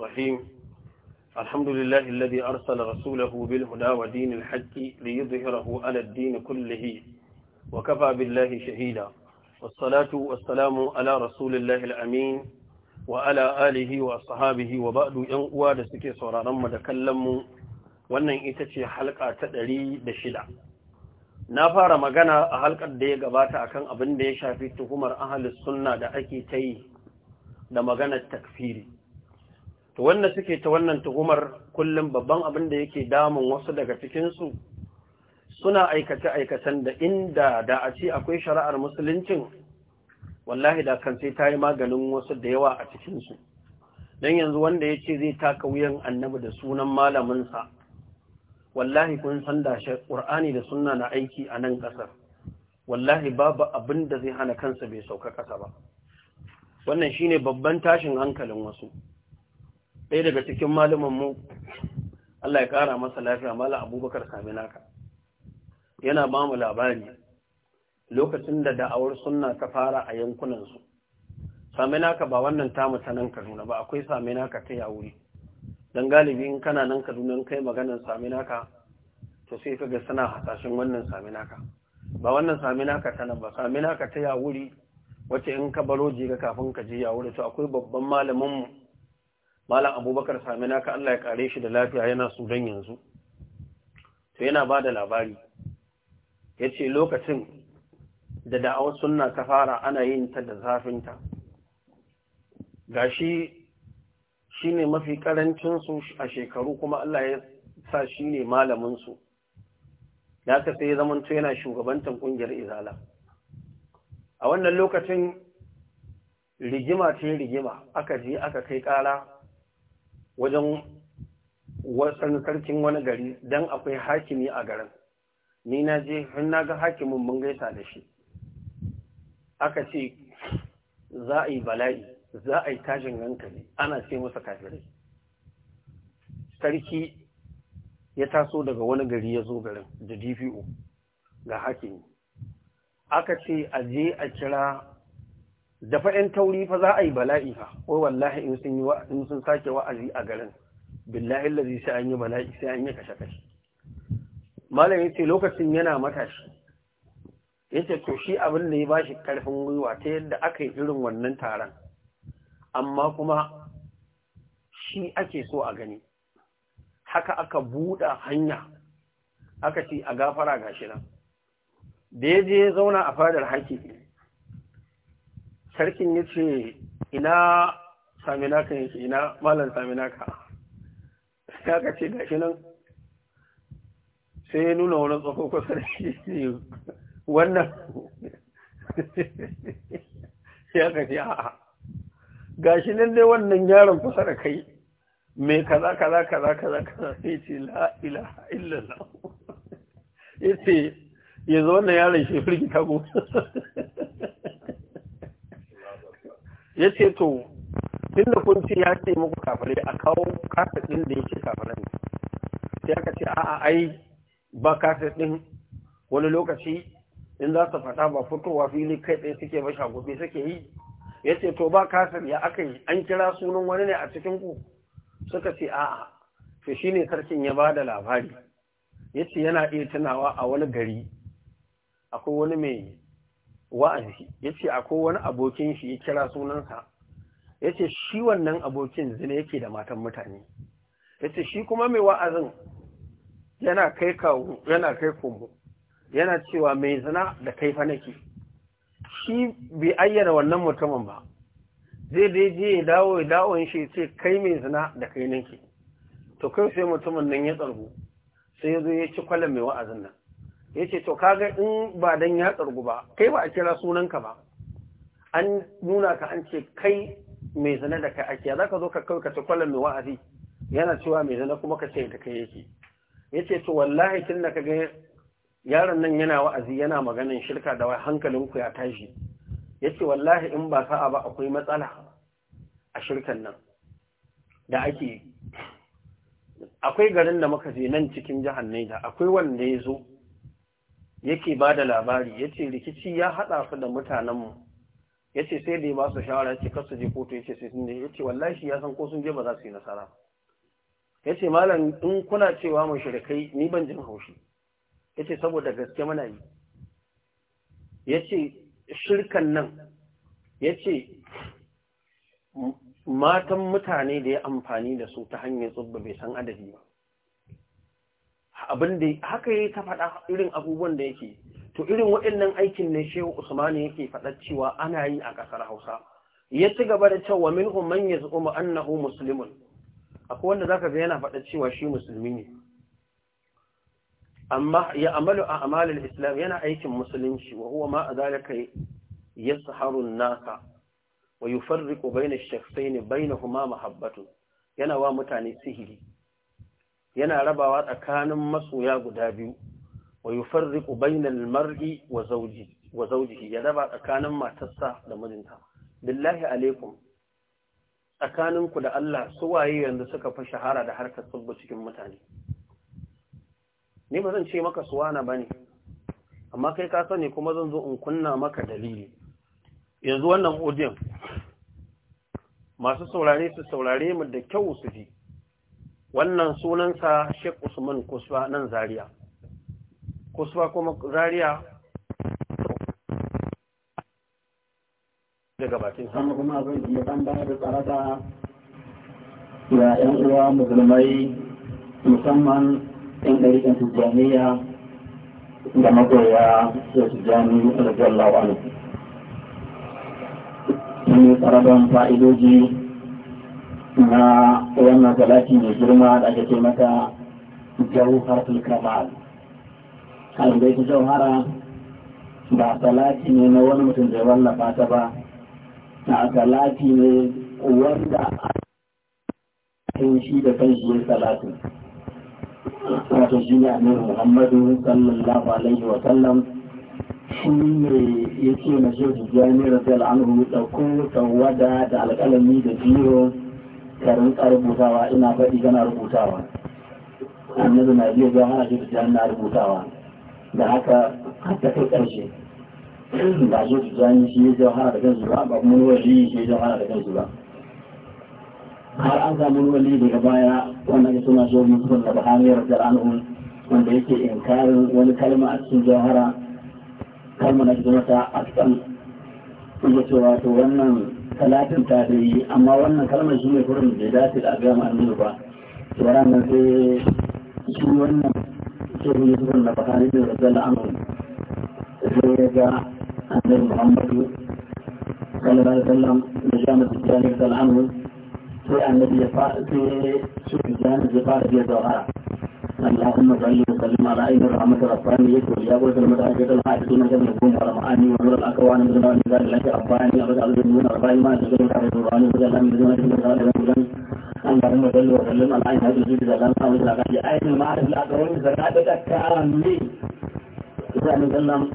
رحيم الحمد لله الذي أرسل رسوله بالهدى ودين الحق ليظهره على الدين كله وكفى بالله شهيدا والصلاة والسلام على رسول الله الأمين وعلى آله وأصحابه وبعد ينقوى دسكي صرارا مدكلم wannan ita ce halka ta ɗari da shida na fara magana a halkar da ya gabata akan abin da ya shafi tuhumar ahalus sunna da ake ta yi da maganar takfiri to wanda suke ta wannan tuhumar kullum babban abin da yake damun wasu daga cikinsu suna aikace-aikacen da inda da a ce akwai shari'ar musuluncin wallahi da kan sai ta yi maganin wasu da yawa a cikinsu Dan yanzu wanda ya ce zai taka wuyan annabi da sunan malaminsa wallahi kun san da shi ƙur'ani da sunna na aiki a nan ƙasar wallahi babu abin da zai hana kansa bai sauka ƙasa ba wannan shine babban tashin hankalin wasu ɗaya daga cikin malaman mu Allah ya kara masa lafiya mala abubakar sami yana ba mu labari lokacin da da'awar sunna ta fara a yankunansu sami ba wannan tamu ta nan kaduna ba akwai sami ta yawuri don galibi in kana nan kaduna kai maganar sami naka to sai ka ga suna hasashen wannan sami ba wannan sami naka ta nan ba sami ta yawuri wacce in ka baro jiga kafin ka je yawuri to akwai babban malaminmu. malam abubakar sami naka Allah ya kare shi da lafiya yana sudan yanzu to yana ba da labari ya ce lokacin da da'awar sunna ta fara ana yin ta da zafinta gashi shi ne mafi karancinsu a shekaru kuma Allah ya sa shi ne malaminsu ya ta sai zamanto yana shugabantan ƙungiyar izala a wannan lokacin rigima ce rigima aka je aka kai ƙara wajen wasan sarkin wani gari don akwai hakimi a garin ni na je hin na ga hakimin mun gaisa da shi aka ce za a yi bala'i za a yi tashin hankali ana ce masa kafirai sarki ya taso daga wani gari ya zo garin da dvo ga hakimi aka ce a je a kira da fa tauri fa za a yi bala'i fa ko wallahi in sun yi wa in sun sake wa'azi a garin billahi allazi sai an yi bala'i sai an yi kashe kashe malamin yace lokacin yana matashi yace to shi abin da ya bashi karfin gwiwa ta yadda aka yi irin wannan taron amma kuma shi ake so a gani haka aka buɗa hanya aka ci a gafara gashi nan da ya je ya zauna a fadar haƙiƙi sarkin ya ce ina saminaka yake ina malam saminaka ya ka ce gashi nan sai ya nuna wani tsofaffi sarki ne wannan ya ka ce a'a gashi nan dai wannan yaron kusa da kai mai kaza kaza kaza kaza kaza sai ce la'ila ilaha illallah ya ce yanzu wannan yaron shi firgita gobe ya ce to da kun ce ya ce muku kafare a kawo kaset ɗin da ya ce kafare ne sai aka ce a'a ai ba kaset ɗin wani lokaci in za su faɗa ba fitowa fili kai ɗaya suke ba shagobe suke yi ya ce to ba kaset ya aka yi an kira sunan wani ne a cikin ku suka ce a'a to shi ne sarkin ya ba da labari ya ce yana iya tunawa a wani gari akwai wani mai wa'azi ya ce akwai wani abokin shi ya kira sunansa ya ce shi wannan abokin zina yake da matan mutane ya ce shi kuma mai wa'azin yana kai kawo yana kai kumbu yana cewa mai zina da kaifa nake shi bai ayyana wannan mutumin ba zai dai je ya dawo ya dawo shi ce kai mai zina da kai nake to kai sai mutumin nan ya tsargu sai ya zo ya ci kwalan mai wa'azin nan ya ce to kaga in ba dan ya tsargu ba kai ba a kira sunanka ba an nuna ka an ce kai mai zane da kai ake za ka zo ka kawai ka ci kwallon mai wa'azi yana cewa mai zane kuma ka ce da kai yake ya ce to wallahi tun da ka ga yaron nan yana wa'azi yana maganin shirka da hankalinku ya tashi ya ce wallahi in ba sa'a ba akwai matsala a shirkan nan da ake akwai garin da muka je nan cikin jihar Naija akwai wanda ya zo yake ba da labari ya ce rikici ya haɗa su da mutanenmu ya ce sai da ya ba su shawara ce kasu je kotu ya ce sai sun ya ce wallahi ya san ko sun je ba za su yi nasara ya ce malam in kuna cewa mai shirikai ni ban jin haushi ya ce saboda gaske muna yi ya ce shirkan nan ya ce matan mutane da ya amfani da su ta hanyar tsubba bai san adadi ba abin da haka yayi ta faɗa irin abubuwan da yake to irin waɗannan aikin ne Shehu Usman yake faɗa cewa ana yi a ƙasar Hausa ya ci gaba da cewa minhum man yaz'umu annahu muslimun akwai wanda zaka ga yana faɗa cewa shi musulmi ne amma ya amalu a amalin islam yana aikin musulunci wa huwa ma a zalika ya saharun nasa wa yi farriko bai na shafai ne bai na kuma mahabbatu yana wa mutane sihiri yana rabawa tsakanin masoya guda biyu wa yufarriqu bainal mar'i wa zawji wa zawjihi ya raba tsakanin matarsa da mijinta billahi alaikum tsakanin ku da Allah su waye yanzu suka fi shahara da harkar sulhu cikin mutane ni ba zan ce maka suwana bane amma kai ka sani kuma zan zo in kunna maka dalili yanzu wannan audio masu saurare su saurare mu da kyau su ji wannan sunansa Sheikh Usman Kuswa nan Zaria Kuswa kuma Zaria daga bakin Amma kuma abin da mu dan bayar da tsarata ya yan uwa musulmai musamman yan ɗariƙin tijjaniya da magoya da tijjani radiyallahu anhu. Mun yi tsaraban fa'idoji na wannan talaki mai girma da aka ce mata jauharatul kamal kan da ita jauhara ba talaki ne na wani mutum da wallafa ta ba na talaki ne wanda a shi da kan shi salati wato shi ne annabi muhammadu sallallahu alaihi wa sallam shi ne ya ce na shi jami'ar da al'amuru da kowace tawada da alƙalami da biyo ka rinka rubutawa ina faɗi kana rubutawa annabi na biyu zuwa hana shi na rubutawa da haka hatta kai ƙarshe ba zo su tijjani shi ya jawhara da kansu ba ba kuma wali shi ya jawhara da kansu ba har an samu wali daga baya wannan ya suna shobi sufan da bahamiyar da anhum wanda yake inkarin wani kalma a cikin jawhara kalma na mata a cikin iya cewa to wannan talatin ta da yi amma wannan kalmar shi ne kurin da dace da agama annabi ba tsara nan sai shi wannan shehu yusuf na bakari da razala amin sai ya ga annabi muhammadu sallallahu alaihi wasallam da jami'a tijjani da shi al'amun sai annabi ya fa sai shi tijjani ya fara biya zawara اللهم صل وسلم على عين الرحمة رباني يسر يا ابو سلمة اجد الحاجتين جمع القوم ورمعاني ونور الاكوان من الله نزال لك رباني ابدا الجنون رباني ما تجد الحاجة رباني وجل من دون جنون رباني وجل اللهم صل وسلم على عين هذه الجيد الان صامت لك عين المعارف الاكوان زكاتك كاملي اذا نزلم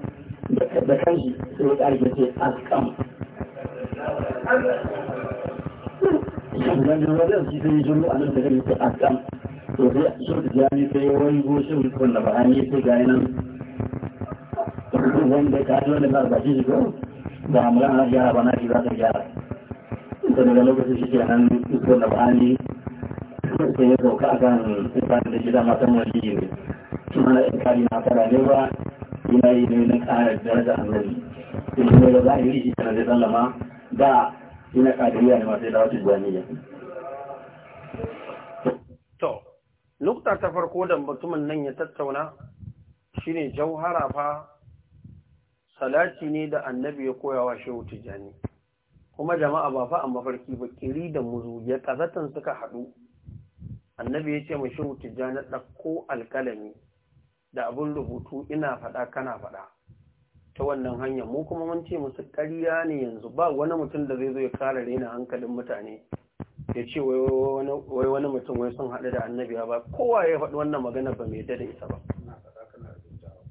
بكنشي سيوك ارجتي اسكم Jangan lupa juga kita jumpa anak-anak kita akan to sai shi da jami sai wani goshin rikon da bayan yi sai nan wanda ka ji wanda ba shi shigo ba amura na gyara ba na shi za ta gyara ita daga lokacin shi ke nan da bayan sai ya sauka a kan tsakanin da shi da matan wani ne shi mana in kari na fara ne ba ina yi ne na kara annabi in da za yi shi tana zai sallama da ina kadiriya ne masu da wata jami'a nukta ta farko da mutumin nan ya tattauna shine jauhara fa salati ne da annabi ya koya koyawa shehu tijani kuma jama'a ba fa a mafarki ba kiri da muzu ya kazatan suka haɗu annabi ya ce ma shehu tijani ɗauko alƙalami da abin rubutu ina faɗa kana faɗa ta wannan hanya mu kuma mun ce musu ƙarya ne yanzu ba wani mutum da zai zo ya kare rena hankalin mutane ya ce wai wani mutum wai sun haɗu da annabi ba kowa ya faɗi wannan magana ba mai da isa ba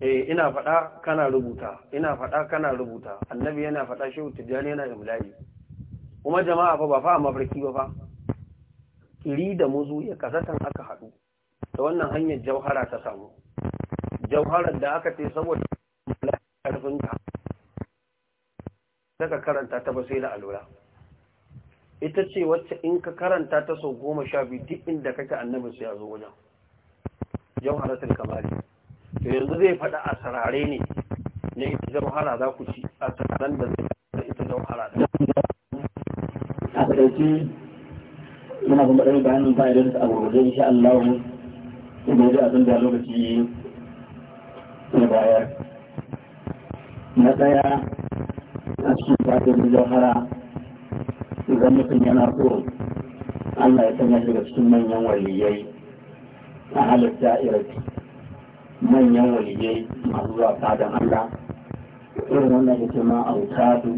eh ina faɗa kana rubuta ina faɗa kana rubuta annabi yana faɗa shehu tijjani yana imla'i kuma jama'a fa ba fa mafarki ba fa kiri da muzu ya kasatan aka haɗu da wannan hanyar jauhara ta samu jauharar da aka ce saboda ta daga karanta ta ba sai da alura ita ce wacce in ka karanta ta sau goma sha biyu duk inda kake annabin su ya zo wajen jawharatul kamali to yanzu zai faɗa a sarare ne na ita jawhara za ku ci a sararen da zai da ita jawhara da a ɗauki muna kuma ɗauki bayanin fa'idar a gurgurde insha Allah idan zai abin da lokaci na bayar na ɗaya a cikin fa'idar jawhara idan mutum yana so Allah ya sanya shi daga cikin manyan waliyai a halitta iraki manyan waliyai masu zuwa fadan Allah irin wannan ya ce ma autadu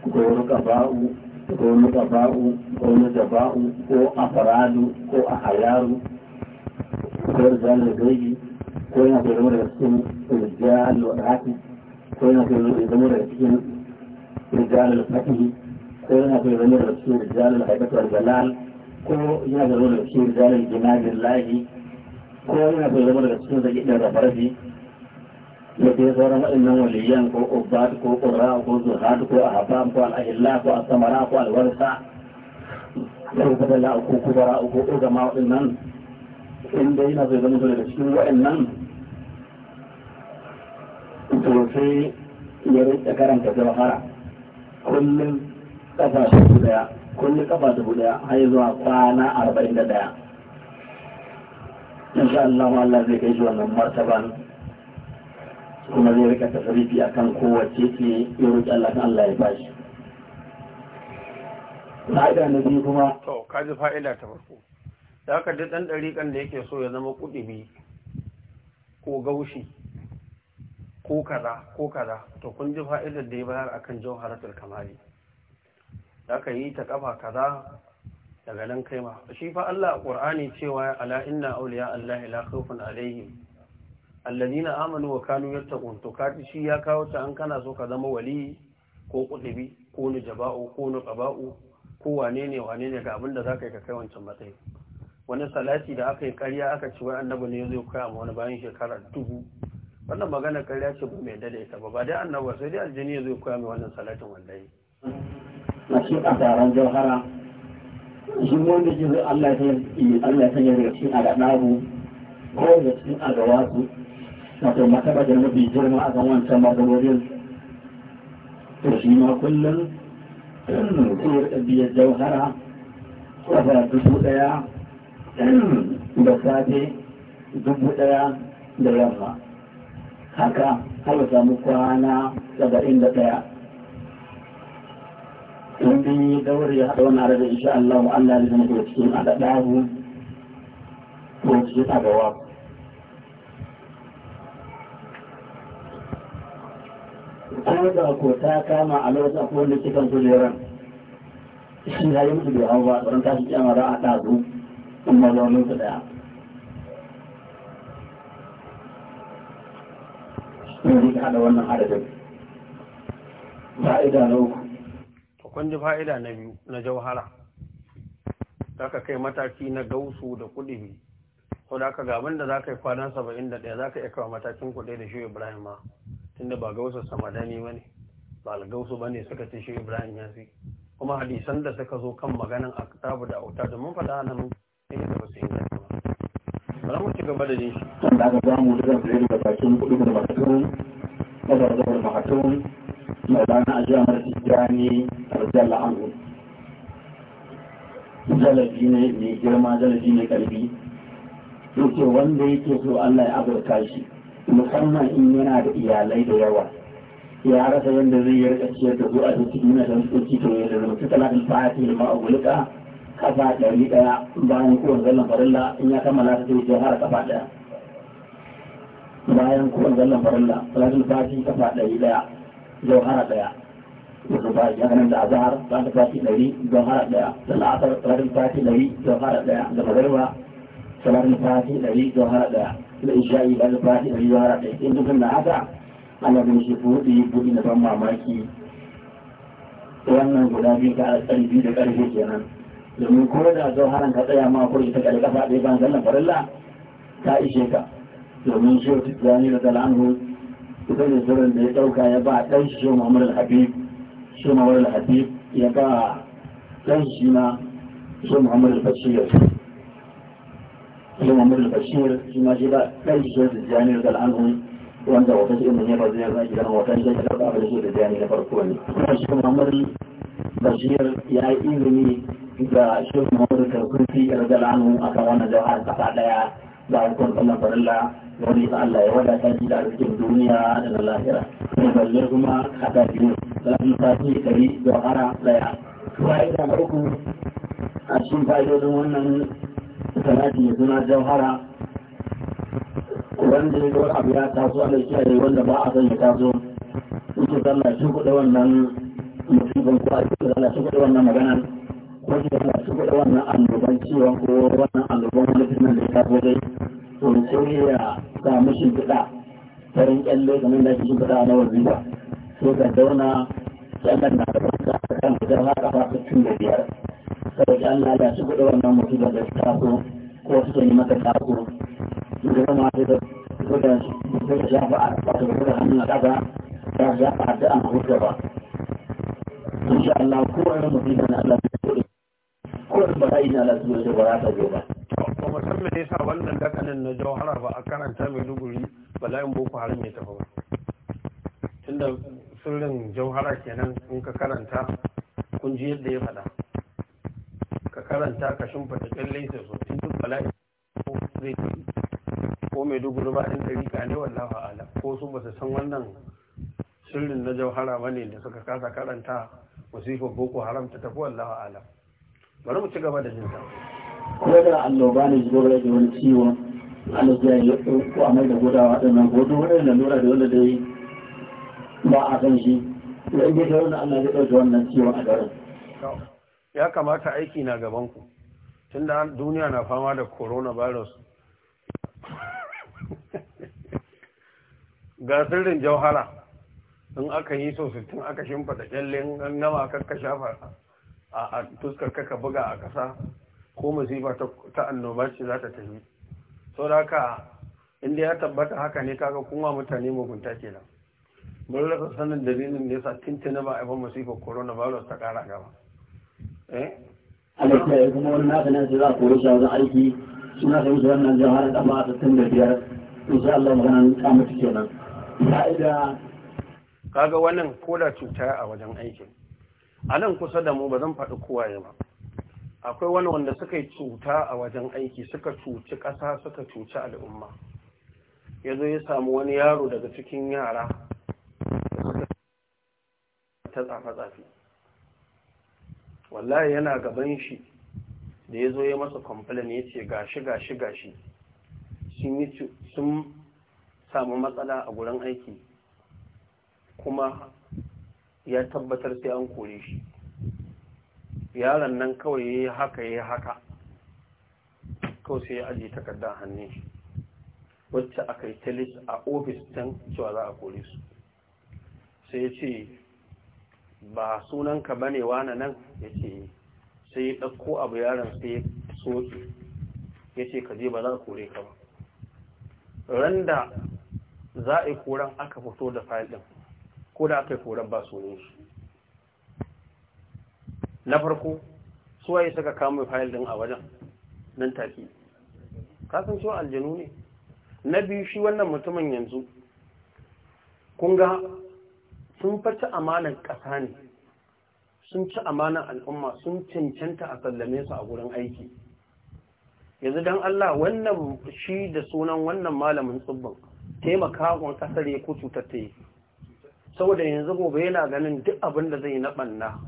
ko ba'u ko nukaba'u ko nujaba'u ko afradu ko ahayaru ko a gaibi ko yana da zama daga cikin da rafi ko yana fi zama daga cikin da fatihi ko yana zo zama da su rijalul haibatu wal zalal ko yana zo da su rijalul jinadin lahi ko yana zo zama da su da gidan rafarfi da ke sauran waɗannan waliyan ko ubbat ko qurra ko zuhad ko ahbab ko al-ahilla ko as-samara ko al-warsa ko badala ko kubara ko ugama waɗannan inda yana zo zama da cikin waɗannan to sai ya rinka karanta jawhara kullum kafa dubu daya kullum kafa dubu daya har zuwa kwana arba'in da daya insha Allah Allah zai kai shi wannan martaban kuma zai rika tasarifi a kan kowace ce ya roƙi Allah kan Allah ya shi fa'ida na biyu kuma to ka ji fa'ida ta farko da haka duk dan dariƙan da yake so ya zama kuɗi ko gaushi ko kaza ko kaza to kun ji fa'idar da ya bayar akan jawharatul kamali za ka yi ta kafa kaza daga nan kai ma shi fa Allah Qur'ani cewa ala inna awliya Allah la khawfun alaihim alladhina amanu wa kanu yattaqun to kaji shi ya kawo ta an kana so ka zama wali ko kudubi ko jaba'u? ko qaba'u ko wane ne wane ne ga abinda zaka yi ka kai wancan matsayi wani salati da aka yi ƙarya aka ci wai annabi ne zai kai amma wani bayan shekara dubu wannan magana ƙarya ce ba mai daidaita ba ba dai annabi sai dai aljini zai koya mai wannan salatin wallahi a cikin asaran jauhara shi wanda ji zai Allah ya yi eh, daga cikin al'adabu ko da cikin na agawasu wato da mafi girma a kan wancan martabarin to shi ma kullum tsayar biyar jauhara kafa dubu ɗaya da safe dubu ɗaya da yamma haka har samu kwana saba'in da daya in sun yi daure ya haɗa wani arabe insha Allah wa Allah ya zama daga cikin adadahu ko cikin adawa ko da ko ta kama a lokacin akwai wanda ke kan kujeran shi ya yi musu bai hau ba tsoron tashi kyamara a ɗazu in mazaunin su ɗaya yanzu ka haɗa wannan adadin fa'ida na uku kun ji fa'ida na biyu na jauhara za ka kai mataki na gausu da kuɗi ko da ka gaban da za ka yi kwanan saba'in da ɗaya za ka iya kawo matakin kuɗi da shi ibrahim ma tunda ba gausu samadani ba ne ba algausu ba ne suka ce shi ibrahim ya fi kuma hadisan da suka zo kan maganan a kitabu da auta mun faɗa nan ne da ba su inganta ba Ba za mu ci gaba da jin shi da aka samu da zan tsaye da bakin kuɗi da makatun da zan zama maulana a jami'ar tijjani rajalla anhu jalabi ne mai girma jalabi ne karfi yake wanda yake so allah ya azurta shi musamman in yana da iyalai da yawa ya rasa yadda zai yarda ciyar da zuwa da cikin yana da mutunci to ya zama ta talatin fati da ma'agulika kafa ɗari ɗaya bayan kowane zallan farilla in ya kammala ta zai jihar kafa ɗaya bayan kowane zallan farilla talatin fati kafa ɗari ɗaya jauhara daya wato ba ya nan da azhar ba da fati dari jauhara daya da la'asar salatin fati dari jauhara daya da magariba salatin fati dari jauhara daya da isha'i ba da fati dari jauhara daya in dukkan na haka ana ganin shi buɗe buɗe na ban mamaki wannan guda biyu ka biyu da ƙarfi kenan domin ko da jauharan ka tsaya ma ko ta ƙarƙafa ɗaya ban sallan farilla ta ishe ka domin shi wata tijjani da tal'anhu irin zurin da ya ɗauka ya ba ɗan shi shi Muhammad al-Habib shi Muhammad al-Habib ya ba ɗan shi na shi Muhammad al-Bashir shi Muhammad al-Bashir shi ma shi ba ɗan shi da Jani da al'anun wanda wata shi mun yaba zai zai gidan wata shi da ba da shi da Jani na farko ne shi Muhammad al-Bashir ya yi izini ga shi Muhammad al-Karkuti radiyallahu anhu akan wannan jawahar kasa daya da a kuma farilla wani sa Allah ya wadata shi da cikin duniya da na lahira kuma balle kuma haɗa biyu sallan safi kari da ɗaya. Kuma yi da uku a cikin fa'idodin wannan salati ya suna jauhara wanda ya zuwa abu ya taso ala kiyaye wanda ba a sanya taso yake zalla shi kuɗa wannan mutum ko a cikin zalla shi kuɗa wannan maganar wasu da masu da wannan annoban ciwon ko wannan annoban wani fitnan da ta zo dai to sai ya samu shimfiɗa farin kyalle kamar da ake shimfiɗa na wazifa sai ka zauna sannan na da fuska ta kan fitar haka ba su tun da biyar sai Allah ya su kuɗa wannan musibar da ta so ko su yi mata tako da zama da da suka shafa a wato da hannun a ƙasa ta shafa a da'an hutu ba. Insha Allah kowane musibar na Allah ya kullum ba za na lasu wajen ba za ta zo ba. ba mu san me yasa wannan dakanin na jauhara ba a karanta mai duguri ba layin boko haram ya tafi ba tunda sirrin jauhara kenan in ka karanta kun ji yadda ya faɗa ka karanta ka shimfata kyalle ta so in duk ko zai tafi ko mai duguri ba in ɗari ka ne wallafa ala ko su ba su san wannan sirrin na jauhara ba ne da suka kasa karanta musifar boko haram ta tafi wallawa ala. bari mu ci gaba da jinsa kuma da annoba ne zuwa da wani ciwon Allah ya yi ko amai mai da gudawa waɗannan godo waɗannan lura da wanda dai ba a san shi da in da wannan Allah ya dauki wannan ciwon a garin ya kamata aiki na gaban ku tunda duniya na fama da coronavirus ga sirrin jauhara in aka yi so sittin aka shimfa da kyallin an gama aka shafa a tuskar kaka buga a ƙasa ko musiba ta annoba ce za ta tafi da haka inda ya tabbata haka ne kaga kuma mutane mugunta nan mun rasa sanin dalilin da sa tintini ba a ban musifa corona ta kara gaba eh? kaga wannan koda cuta a wajen aikin a nan kusa da mu ba zan faɗi kowa ya ba akwai wani wanda suka yi cuta a wajen aiki suka cuci ƙasa suka cuci al'umma ya zo ya samu wani yaro daga cikin yara da suka ta tsafe-tsafe wallahi yana gaban shi da ya zo ya masa kwamfilin ya ce gashi gashi gashi sun samu matsala a gurin aiki kuma ya tabbatar sai an kore shi yaron nan kawai ya haka ya haka kawai sai ya ajiye takardar hannun shi wacce aka yi talis a ofis can cewa za a kore su sai ya ce ba sunanka ba ne wane nan ya ce sai ya ɗauko abu yaron sai ya soke ya ce ka je ba za a kore ka ba randa za a yi koren aka fito da fayil ɗin ko da aka yi koran ba sunan shi na farko suwaye suka kama fayil din a wajen nan take kasan cewa aljanu ne na biyu shi wannan mutumin yanzu kun ga sun faci amanan ƙasa ne sun ci amanan al'umma sun cancanta a sallame su a gurin aiki yanzu don Allah wannan shi da sunan wannan malamin tsibbin taimaka wa ƙasar ya ko cutar ta yi saboda yanzu gobe yana ganin duk abin da zai na banna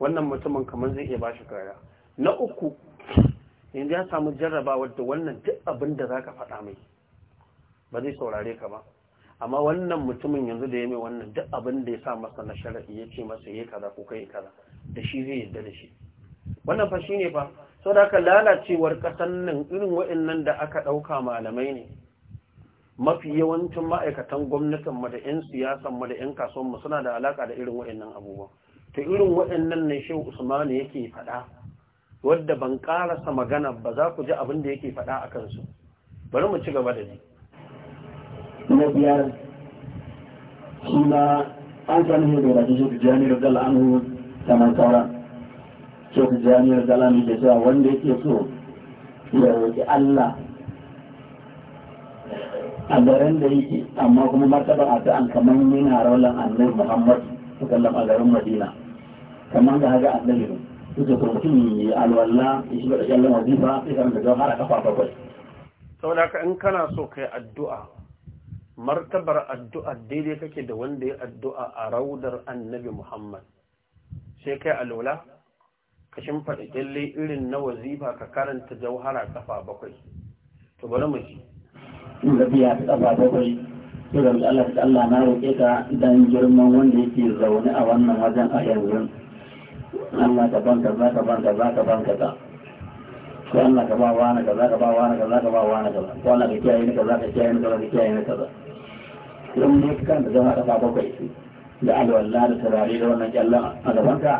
wannan mutumin kamar zai iya bashi kariya na uku yanzu ya samu jarrabawa da wannan duk abin da zaka faɗa mai ba zai saurare ka ba amma wannan mutumin yanzu da ya mai wannan duk abin da ya sa masa na shari'i ya ce masa ya kaza ko kai kaza da shi zai yadda da shi wannan fa shine fa saboda haka lalacewar kasan nan irin waɗannan da aka ɗauka malamai ne mafi yawancin ma'aikatan gwamnatin mu da 'yan siyasan mu da 'yan kasuwan mu suna da alaka da irin waɗannan abubuwa to irin waɗannan ne shehu usman yake faɗa wadda ban karasa magana ba za ku ji abin da yake faɗa a kansu bari mu ci gaba da ji na biyar shi an sani ne da rasu shehu jami'ar dal'anu kamar saura shehu jami'ar dal'anu da cewa wanda yake so ya roƙi allah a garin da yake amma kuma martaba a ta'an kamar yana raulan annabi Muhammad su kallon a garin Madina kamar da haka annabi ne kuka kuma tun yi alwala ya shiga da kallon wazifa sai kan da a kafa bakwai saboda ka in kana so kai addu'a martabar addu'a daidai kake da wanda ya addu'a a raudar annabi Muhammad sai kai alwala ka shimfaɗa kyalle irin na wazifa ka karanta jauhara kafa bakwai to bari mu ji in ka biya ta kafa bakwai sai da Allah ta Allah na roƙe ka dan girman wanda yake zaune a wannan wajen a yanzu Allah ka ban za ka ban za ka ban kaza ko Allah ka ba wani kaza ka ba wani kaza ka ba wani kaza ko Allah ka kiyaye ni kaza ka kiyaye ni kaza ka kiyaye ni kaza idan ne ka kanta zama kafa bakwai da alwala da turare da wannan kyallon a gaban ka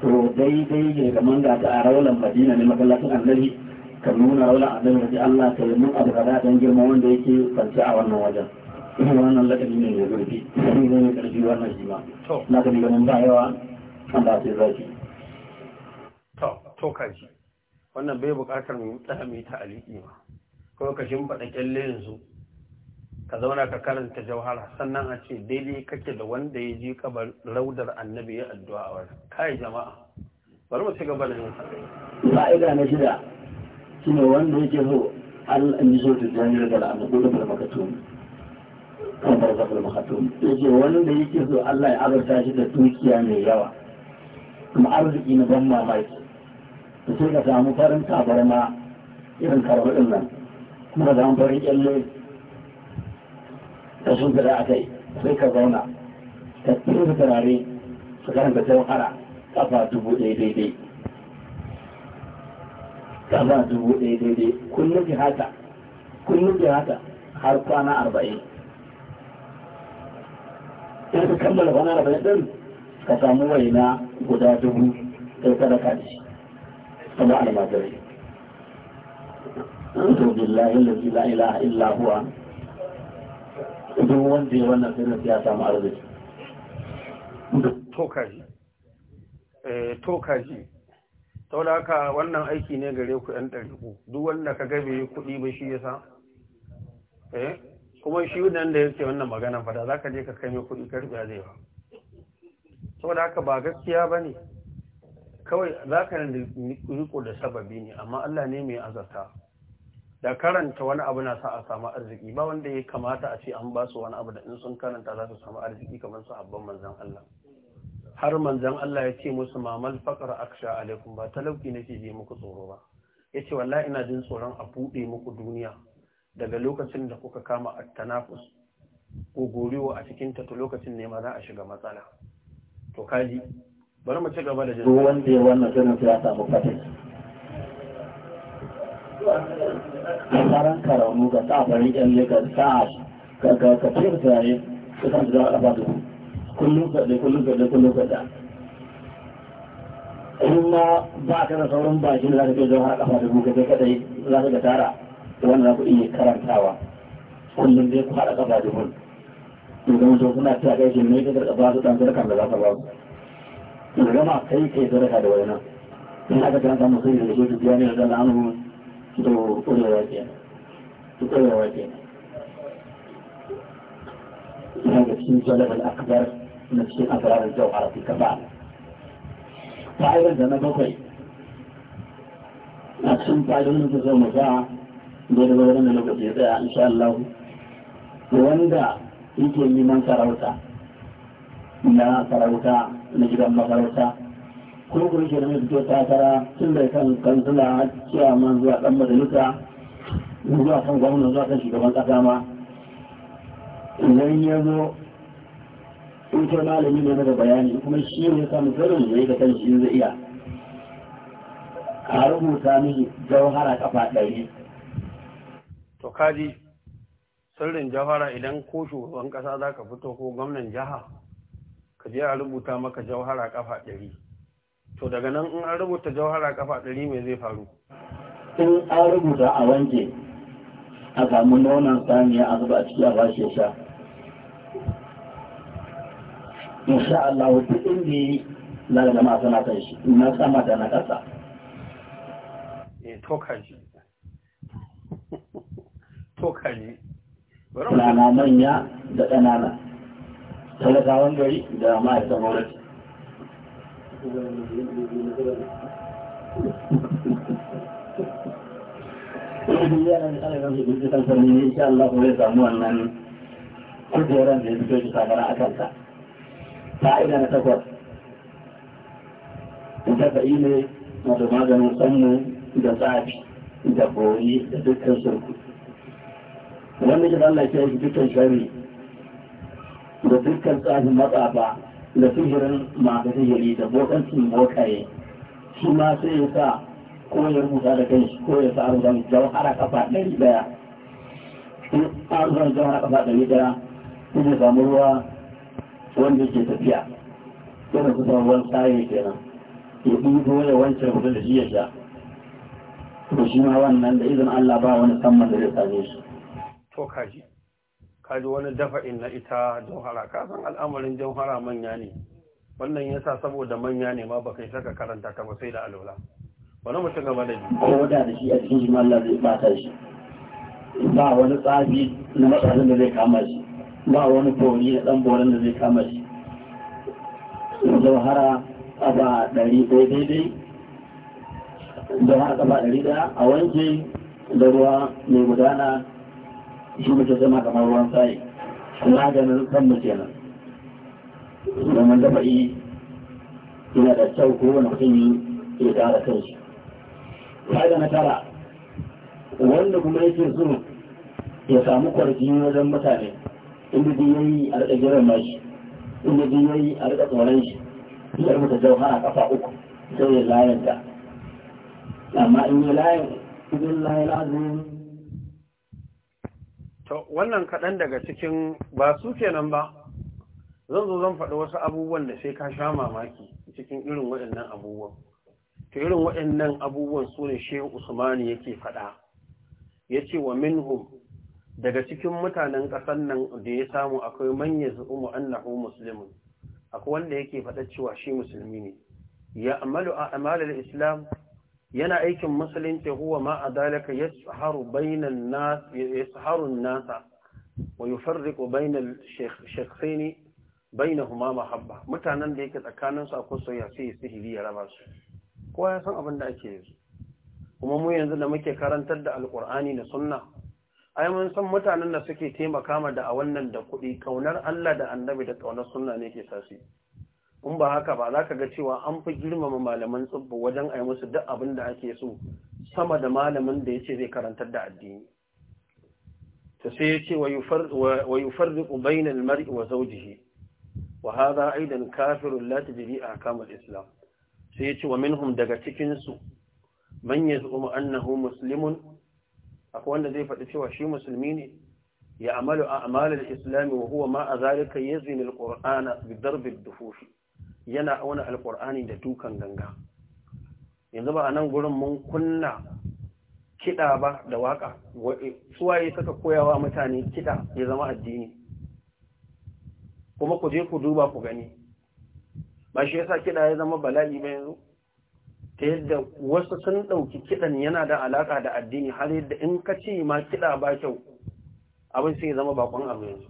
to daidai ne kamar da ta a raulan madina ne masallacin annabi ka nuna wani abin waje Allah ka yi mun abu da don girma wanda yake kwanci a wannan wajen ina wannan lakabi ne mai zurfi sani ne mai karfi wannan shi ma lakabi ganin ba yawa an ba sai zafi to to kaji wannan bai buƙatar mu tsaya mai ta aliki ma ko ka shimfiɗa kyalle yanzu ka zauna ka karanta jauhara sannan a ce daidai kake da wanda ya ji kabar raudar annabi ya addu'a a kai jama'a bari mu ci gaba da yin sa fa'ida na shida shine wanda yake zo Allah in zo da jami'ar da Allah ko da barkatun kan barzakul makhatun yake wanda yake so Allah ya abarta shi da dukiya mai yawa kuma arziki na ban mamaki da sai ka samu farin tabarma irin karɓar nan kuma ka samu farin kyalle ka sun a kai sai ka zauna ka tsira turare ka karanta sai wakara kafa dubu ɗaya daidai kama dubu ɗaya daidai kullum haka kullum haka har kwana arba'in sai ka kammala kwana arba'in ɗin ka samu waina guda dubu sai sadaka da shi sama almajirai to billahi allazi la ilaha illa huwa duk wanda ya wannan sirrin ya samu arziki to kaji eh, to kaji saboda haka wannan aiki ne gare ku yan ɗariƙu duk wanda ka gabe kuɗi ba shi yasa eh kuma shi nan da yake wannan magana fada za ka je ka kai kuɗi karɓi zai ba saboda haka ba gaskiya ba ne kawai za ka yi riko da sababi ne amma Allah ne mai azarta da karanta wani abu na sa a samu arziki ba wanda ya kamata a ce an ba su wani abu da in sun karanta za su samu arziki kamar su abban manzan Allah har manzan Allah ya ce musu mamal faƙar aksha alaikum ba talauki nake ji muku tsoro ba ya ce wallahi ina jin tsoron a buɗe muku duniya daga lokacin da kuka kama tanafus ko gorewa a cikin ta to lokacin ne ma za a shiga matsala to kaji bari mu ci gaba da jin wanda ya wannan irin ya samu fatin karan karamu ga tsabarin yan legas ta ga ka ka da yayin kusan da za a ɗaba dubu kullum faɗe kullum faɗe kullum faɗe kuma ba ka da sauran bakin da za ka kai don har kafa da buka kai kadai za ka ga tara wannan za ku iya karantawa kullum dai ku haɗa kafa da hun to da mutum kuna ta kai shi ne ka karɓa su dan sarkan da za ka ba su to gama kai kai sarka da wani nan in aka karanta musu da shi duk yana da lanu to kurewa ke to kurewa ke na ga cikin jalal akbar suna cikin asirarar jawhara su kaba fa'idar da na bakwai a cikin fa'idar da zo mu ga da da wurin da lokaci ya tsaya insha Allah wanda yake man sarauta na sarauta na gidan masarauta ko kuma ke da mai fito tara, tun da kan kansila ma zuwa dan majalisa zuwa kan gwamnati zuwa kan shugaban kasa ma idan ya zo in malami ne daga bayani kuma shi ne samu sanin da ya kan shi zai iya a rubuta min jauhara kafa ɗari to kaji sirrin jauhara idan ko shugaban ƙasa za ka fito ko gwamnan jiha ka je a rubuta maka jauhara kafa ɗari to daga nan in an rubuta jauhara kafa ɗari me zai faru in an rubuta a wanke a samu nonon saniya a zuba a ciki a bashi ya sha insha Allah duk inda yi za ga jama'a suna shi na sama da na ƙasa Ƙanana eh, manya da ƙanana, talakawan gari da ma'aikatan gwamnati. Yana da da Allah kuma ya samu wannan kujeran da ya fito shi sabara a kansa. ka'ida na takwas dafa'i ne masu maganin sannu da tsafi da boyi da dukkan surku wanda shi zalla ke yi dukkan shari da dukkan tsafi matsafa da sihirin masu sihiri da bokancin bokaye shi ma sai ya sa ko ya rubuta da kai ko ya sa arzan jauhara kafa ɗari ɗaya arzan jauhara kafa ɗari ɗaya kuma samu ruwa wanda yake tafiya yana kusan wani tsaye kenan ya ko ya wancan kusa da shi ya sha to shi ma wannan da izin Allah ba wani samman da zai same shi to kaji kaji wani dafa na ita jauhara ka san al'amarin jauhara manya ne wannan yasa saboda manya ne ma baka yi saka karanta ka ba sai da alola. wani mutum gaba da ji ko da da shi a cikin shi Allah zai bata shi ba wani tsafi na matsalolin da zai kama shi ba wani tauri da ɗan boran da zai kama shi zauhara ba ɗari ɗaya daidai zauhara ba ɗari ɗaya a wanke da ruwa mai gudana shi muke zama kamar ruwan tsaye ganin kan mu kenan zaman da ba'i yana da kyau ko wani mutum ya ƙara shi fa'ida na tara wanda kuma yake so ya samu kwarfi wajen mutane inda dai yayi a rika jiran mashi inda dai yayi a rika tsoron shi ya rubuta jauhara kafa uku sai ya layan ta amma in ya layan idan layan azumi to wannan kadan daga cikin ba su kenan ba zan zo zan faɗi wasu abubuwan da sai ka sha mamaki cikin irin waɗannan abubuwan to irin waɗannan abubuwan su ne shehu usmani yake faɗa ya ce wa minhum daga cikin mutanen ƙasar nan da ya samu akwai manya zu'umu annahu muslimun akwai wanda yake faɗa cewa shi musulmi ne ya amalu a amalar islam yana aikin musulunci huwa ma a ya saharu bainan nasa wa yi farriƙo bainan shekhaini bainan huma mahabba mutanen da yake tsakaninsu akwai soya sai sihiri ya raba su kowa ya san abin da ake yanzu kuma mu yanzu da muke karantar da alƙur'ani da sunna ai mun san mutanen da suke taimaka ma da a wannan da kuɗi kaunar Allah da annabi da kaunar sunna ne ke sasi in ba haka ba za ka ga cewa an fi girmama malaman tsubbu wajen ai musu duk abin da ake so sama da malamin da yace zai karantar da addini to sai yace wa yufarriqu bayna al-mar'i wa zawjihi wa hadha aidan kafirun la tajri ahkam al-islam sai yace wa minhum daga cikin su man yaz'umu annahu muslimun akwai wanda zai faɗi cewa shi musulmi ne ya amalu a amalar islami wa huwa ma a zalika ya zini alƙur'ana bi darbin dufufi yana auna alƙur'ani da dukan ganga yanzu ba a nan gurin mun kunna kiɗa ba da waƙa suwaye suka koyawa mutane kiɗa ya zama addini kuma ku je ku duba ku gani ba shi yasa kiɗa ya zama bala'i ba yanzu ta yadda wasu sun ɗauki kiɗan yana da alaƙa da addini har yadda in ka ce ma kiɗa ba kyau abin sai zama bakon abu yanzu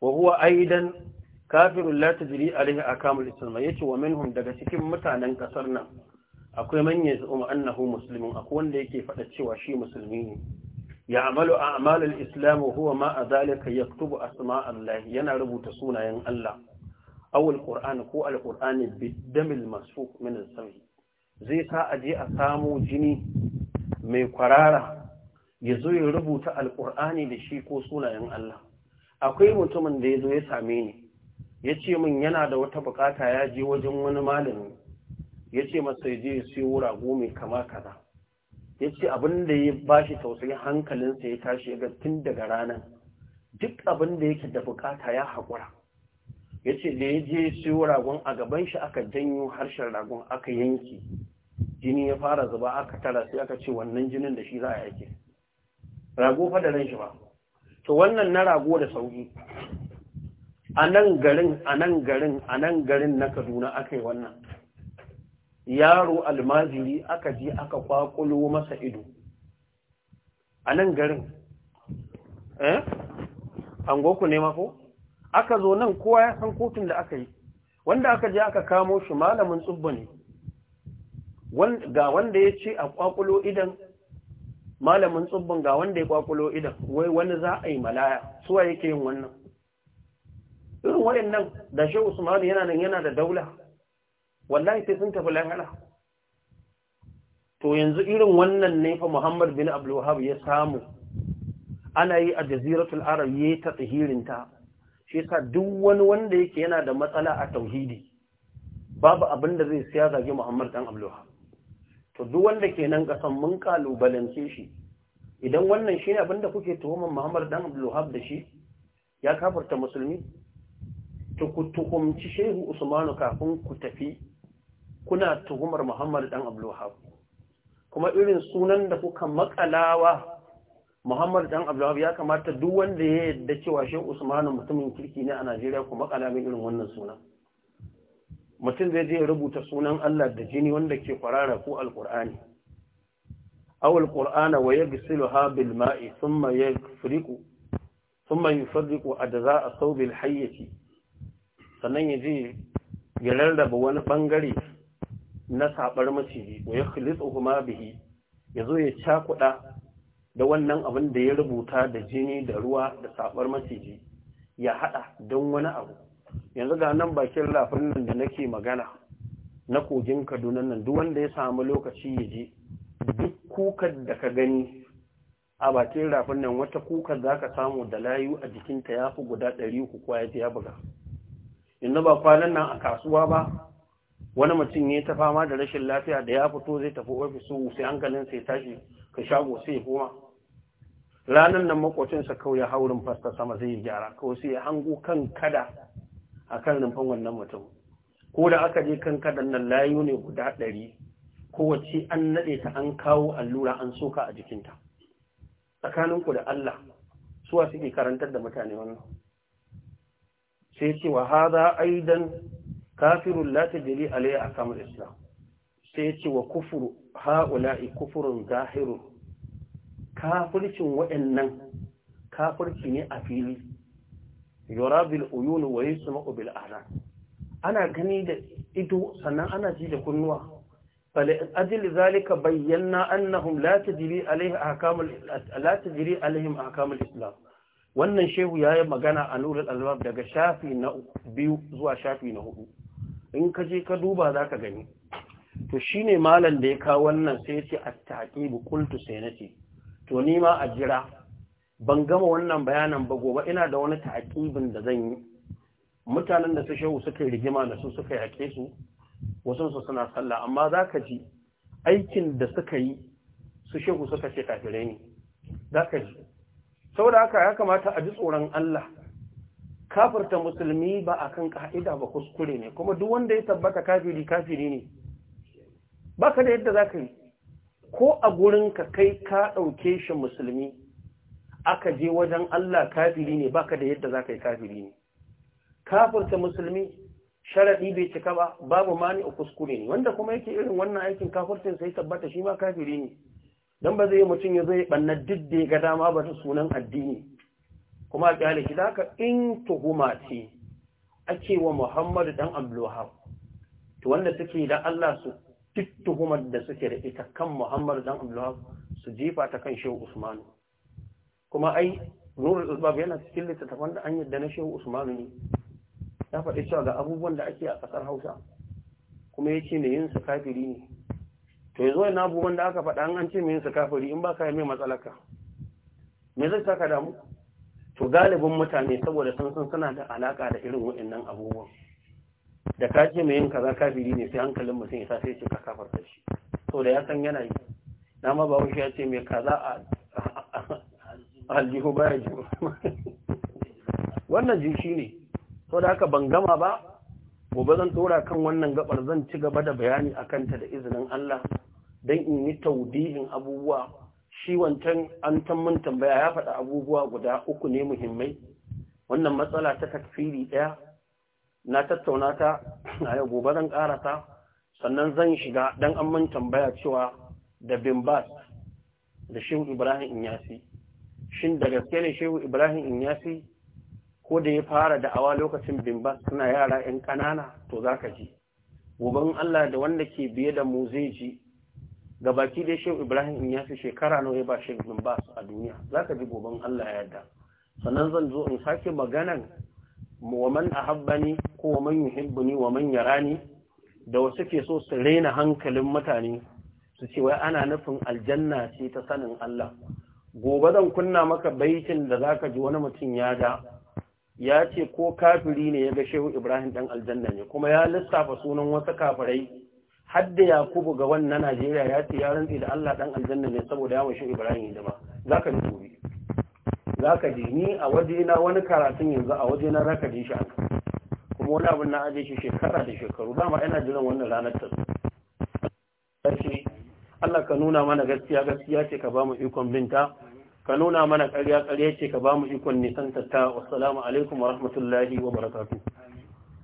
wa huwa aidan kafirun la tajri alaihi akamul islam yace wa minhum daga cikin mutanen kasar nan akwai manyan su yazum annahu muslimun akwai wanda yake faɗa cewa shi musulmi ne ya amalu a'malul islam huwa ma a azalika yaktubu asma'allahi yana rubuta sunayen Allah awul qur'an ko alqur'ani bidamil masu minin sami zai sa aje a samu jini mai kwarara ya zo ya rubuta alqur'ani da shi ko sunayen Allah akwai mutumin da ya zo ya same ni ya ce min yana da wata bukata ya je wajen wani malami ya ce masa ya je ya siyo rago mai kama kaza ya ce abin da ya ba shi tausayin hankalinsa ya tashi ya tun daga ranar duk abin da yake da bukata ya haƙura ya ce da ya je siyo ragon a gaban shi aka janyo harshen ragon aka yanki jini ya fara zuba aka tara sai aka ce wannan jinin da shi za a yake rago fa da ran shi ba to wannan na rago da sauki a nan garin a nan garin a nan garin na kaduna aka yi wannan yaro almaziri aka je aka kwakulo masa ido a nan garin eh an goku ne mako aka zo nan kowa ya san kotun da aka yi wanda aka je aka kamo shi malamin tsubba ne ga wanda ya ce a kwakulo idan malamin tsubban ga wanda ya kwakulo idan wai wani za a yi malaya suwa yake yin wannan irin nan da shi usmanu yana nan yana da daula wallahi sai sun tafi lahira to yanzu irin wannan ne fa Muhammad bin Abdul ya samu ana yi a jaziratul arab yayi ta ta. shi yasa duk wani wanda yake yana da matsala a tauhidi babu abin da zai siya zage Muhammad dan Abdullah to duk wanda ke nan kasan mun kalubalance shi idan wannan shine abin da kuke tuhuman Muhammad dan Abdullah da shi ya kafirta musulmi to ku tuhumci Shehu Usmanu kafin ku tafi kuna tuhumar Muhammad dan Abdullah kuma irin sunan da kuka makalawa Muhammad dan Abdullahi ya kamata duk wanda ya yadda cewa Sheikh Usman mutumin kirki ne a Najeriya kuma min irin wannan sunan. Mutum zai je rubuta sunan Allah da jini wanda ke kwarara ko Alƙur'ani. Aw Alƙur'ana wa yaghsiluha bil ma'i thumma yafriqu thumma yufarriqu adza'a thawbil hayyati. Sannan ya je ya rarraba wani bangare na sabar maciji wa yakhlisuhuma bihi yazo ya cakuda da wannan abin da ya rubuta da jini da ruwa da sabar maciji ya hada don wani abu yanzu ga nan bakin lafin nan da nake magana na kogin kaduna nan duk wanda ya samu lokaci ya je duk kukar da ka gani a bakin rafin nan wata kukar za ka samu da layu a jikinta ya fi guda ɗari uku kwaya ya buga inda ba kwanan nan a kasuwa ba wani mutum ne ta fama da rashin lafiya da ya fito zai tafi ofis su sai hankalin sai tashi ka shago sai koma ranar nan makocinsa kawai ya haurin fasta sama zai gyara kawai sai ya hango kan kada a kan rumfan wannan mutum ko da aka je kan kadan nan layu ne guda ɗari kowace an naɗe ta an kawo allura an soka a jikinta tsakaninku da Allah suwa suke karantar da mutane wannan sai ce wa haza aidan kafirun la tajri alayhi akam islam sai ce wa kufru haula'i kufurun zahirun kafircin waɗannan kafirci ne a fili yura bil uyun wa yusma'u bil ana gani da ido sannan ana ji da kunnuwa فلأجل zalika bayyana أنهم لا تجري عليه أحكام لا تجري عليهم أحكام الإسلام wannan shehu ya yi magana a nurul albab daga shafi na biyu zuwa shafi na hudu in ka je ka duba za ka gani to shine malam da ya kawo wannan sai ya ce at-taqibu qultu sai to ni ma a jira ban gama wannan bayanan ba gobe ina da wani ta'aqibin da zan yi mutanen da su shehu suka rigima da su suka yake su wasu su suna sallah amma zaka ji aikin da suka yi su shehu suka ce kafire ne zaka ji saboda haka ya kamata a ji tsoron Allah kafirta musulmi ba akan ka'ida ba kuskure ne kuma duk wanda ya tabbata kafiri kafiri ne baka da yadda zaka yi ko a gurin ka kai ka ɗauke shi musulmi aka je wajen Allah kafiri ne baka da yadda za yi kafiri ne kafirta musulmi sharaɗi bai cika ba babu mani kuskure ne wanda kuma yake irin wannan aikin kafirtin sai tabbata shi ma kafiri ne don ba zai mutum ya zai ya duk da ga dama ba ta sunan addini kuma a kyale shi zaka in tuhuma ce ake wa muhammadu dan abdullahi to wanda suke da Allah su duk tuhumar da suke da ita kan Muhammad dan Abdullah su jefa ta kan Shehu Usman kuma ai Nurul Usbab yana cikin littattafan da an yadda na Shehu Usman ne ya faɗi cewa ga abubuwan da ake a ƙasar Hausa kuma yace ne yin su kafiri ne to yanzu ina abubuwan da aka faɗa an ce me yin su kafiri in ba ka yi mai matsalaka me zai saka damu to galibin mutane saboda sun san suna da alaka da irin waɗannan abubuwan da ka ce mai yin kaza kafiri ne sai hankalin mutum ya sai ce ka kafarta shi to da ya san yana yi na ma ba wuce ya ce mai kaza a aljihu baya ji. wannan shi ne to da haka ban gama ba gobe zan tsora kan wannan gabar zan ci gaba da bayani a kanta da izinin Allah don in yi taudihin abubuwa shi wancan an tamman tambaya ya faɗa abubuwa guda uku ne muhimmai wannan matsala ta takfiri ɗaya na tattauna ta a yau gobe zan karasa sannan zan shiga dan an man tambaya cewa da bin bas da shehu ibrahim inyasi shin da gaske ne shehu ibrahim inyasi ko da ya fara da awa lokacin bin bas suna yara yan kanana to za ka ji goben Allah da wanda ke biye da mu zai ji ga baki dai shehu ibrahim inyasi shekara nawa ya ba shehu bin a duniya za ka ji goben Allah ya yarda sannan zan zo in sake maganan wa man ahabbani ko man yuhibbuni wa man yarani da wasu ke so su rena hankalin mutane su ce wai ana nufin aljanna ce ta sanin Allah gobe zan kunna maka baitin da zaka ji wani mutum ya da ya ce ko kafiri ne ya ga Shehu Ibrahim dan aljanna ne kuma ya lissafa sunan wasu kafirai har da Yakubu ga wannan Najeriya ya ce ya rantsi da Allah dan aljanna ne saboda ya mashi Ibrahim ba zaka ji gobe zaka ji ni a waje na wani karatun yanzu a waje na raka ji shi kuma wani abin na aje shi shekara da shekaru dama yana jiran wannan ranar ta sai Allah ka nuna mana gaskiya gaskiya ce ka bamu ikon binta ka nuna mana ƙarya ƙarya ce ka bamu ikon nisan ta wassalamu alaikum wa rahmatullahi wa barakatuh